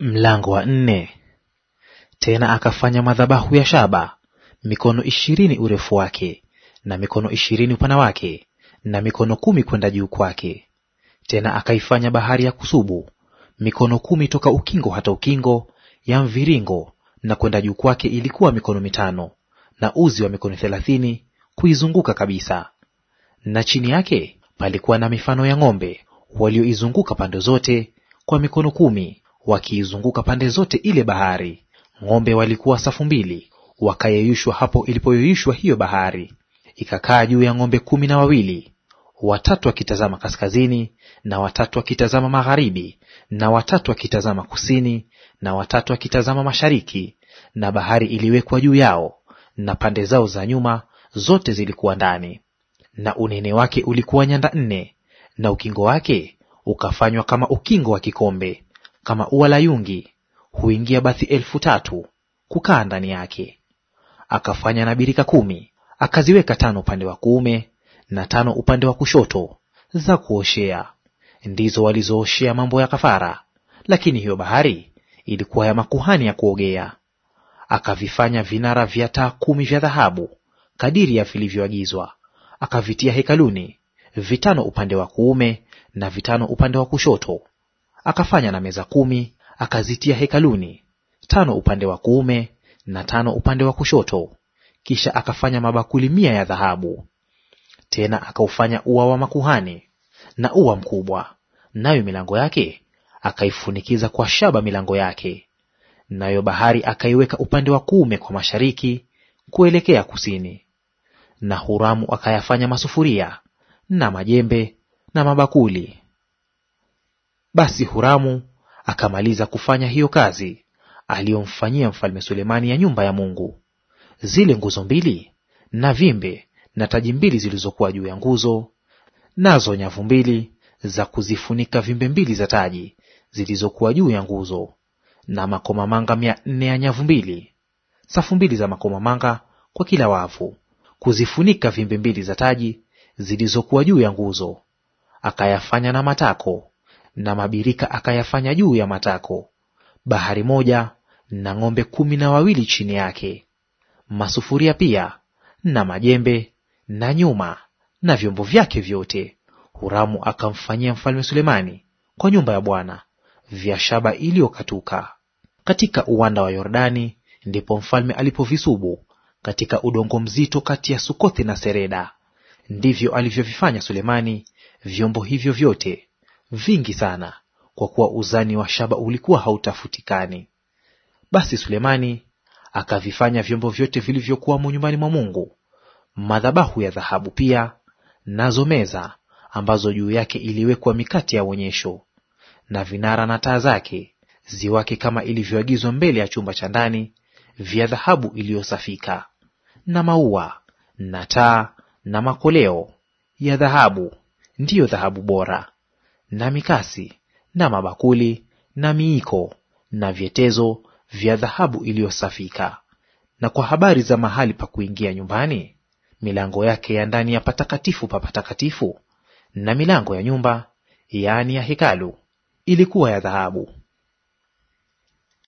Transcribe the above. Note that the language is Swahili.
Mlango wa nne. Tena akafanya madhabahu ya shaba mikono ishirini urefu wake na mikono ishirini upana wake na mikono kumi kwenda juu kwake. Tena akaifanya bahari ya kusubu mikono kumi toka ukingo hata ukingo ya mviringo na kwenda juu kwake ilikuwa mikono mitano, na uzi wa mikono thelathini kuizunguka kabisa. Na chini yake palikuwa na mifano ya ng'ombe walioizunguka pande zote kwa mikono kumi wakiizunguka pande zote ile bahari. Ng'ombe walikuwa safu mbili, wakayeyushwa hapo ilipoyeyushwa hiyo bahari. Ikakaa juu ya ng'ombe kumi na wawili, watatu wakitazama kaskazini, na watatu wakitazama magharibi, na watatu wakitazama kusini, na watatu wakitazama mashariki. Na bahari iliwekwa juu yao, na pande zao za nyuma zote zilikuwa ndani. Na unene wake ulikuwa nyanda nne, na ukingo wake ukafanywa kama ukingo wa kikombe. Kama ua la yungi huingia basi elfu tatu kukaa ndani yake. Akafanya na birika kumi, akaziweka tano upande wa kuume na tano upande wa kushoto za kuoshea; ndizo walizooshea mambo ya kafara, lakini hiyo bahari ilikuwa ya makuhani ya kuogea. Akavifanya vinara vya taa kumi vya dhahabu kadiri ya vilivyoagizwa, akavitia hekaluni, vitano upande wa kuume na vitano upande wa kushoto Akafanya na meza kumi, akazitia hekaluni, tano upande wa kuume na tano upande wa kushoto. Kisha akafanya mabakuli mia ya dhahabu. Tena akaufanya ua wa makuhani na ua mkubwa, nayo milango yake akaifunikiza kwa shaba milango yake. Nayo bahari akaiweka upande wa kuume kwa mashariki kuelekea kusini. Na Huramu akayafanya masufuria na majembe na mabakuli. Basi Huramu akamaliza kufanya hiyo kazi aliyomfanyia mfalme Sulemani ya nyumba ya Mungu. Zile nguzo mbili na vimbe na taji mbili zilizokuwa juu ya nguzo, nazo nyavu mbili za kuzifunika vimbe mbili za taji zilizokuwa juu ya nguzo, na makomamanga mia nne ya nyavu mbili, safu mbili za makomamanga kwa kila wavu, kuzifunika vimbe mbili za taji zilizokuwa juu ya nguzo. Akayafanya na matako na mabirika akayafanya juu ya matako, bahari moja na ng'ombe kumi na wawili chini yake, masufuria pia na majembe na nyuma na vyombo vyake vyote. Huramu akamfanyia mfalme Sulemani kwa nyumba ya Bwana vya shaba iliyokatuka katika uwanda wa Yordani. Ndipo mfalme alipovisubu katika udongo mzito kati ya Sukothi na Sereda. Ndivyo alivyovifanya Sulemani vyombo hivyo vyote vingi sana, kwa kuwa uzani wa shaba ulikuwa hautafutikani. Basi Sulemani akavifanya vyombo vyote vilivyokuwamo nyumbani mwa Mungu, madhabahu ya dhahabu pia, nazo meza ambazo juu yake iliwekwa mikate ya uonyesho, na vinara na taa zake ziwake kama ilivyoagizwa mbele ya chumba cha ndani, vya dhahabu iliyosafika, na maua na taa na makoleo ya dhahabu, ndiyo dhahabu bora na mikasi na mabakuli na miiko na vyetezo vya dhahabu iliyosafika. Na kwa habari za mahali pa kuingia nyumbani, milango yake ya ndani ya patakatifu pa patakatifu na milango ya nyumba, yaani ya hekalu, ilikuwa ya dhahabu.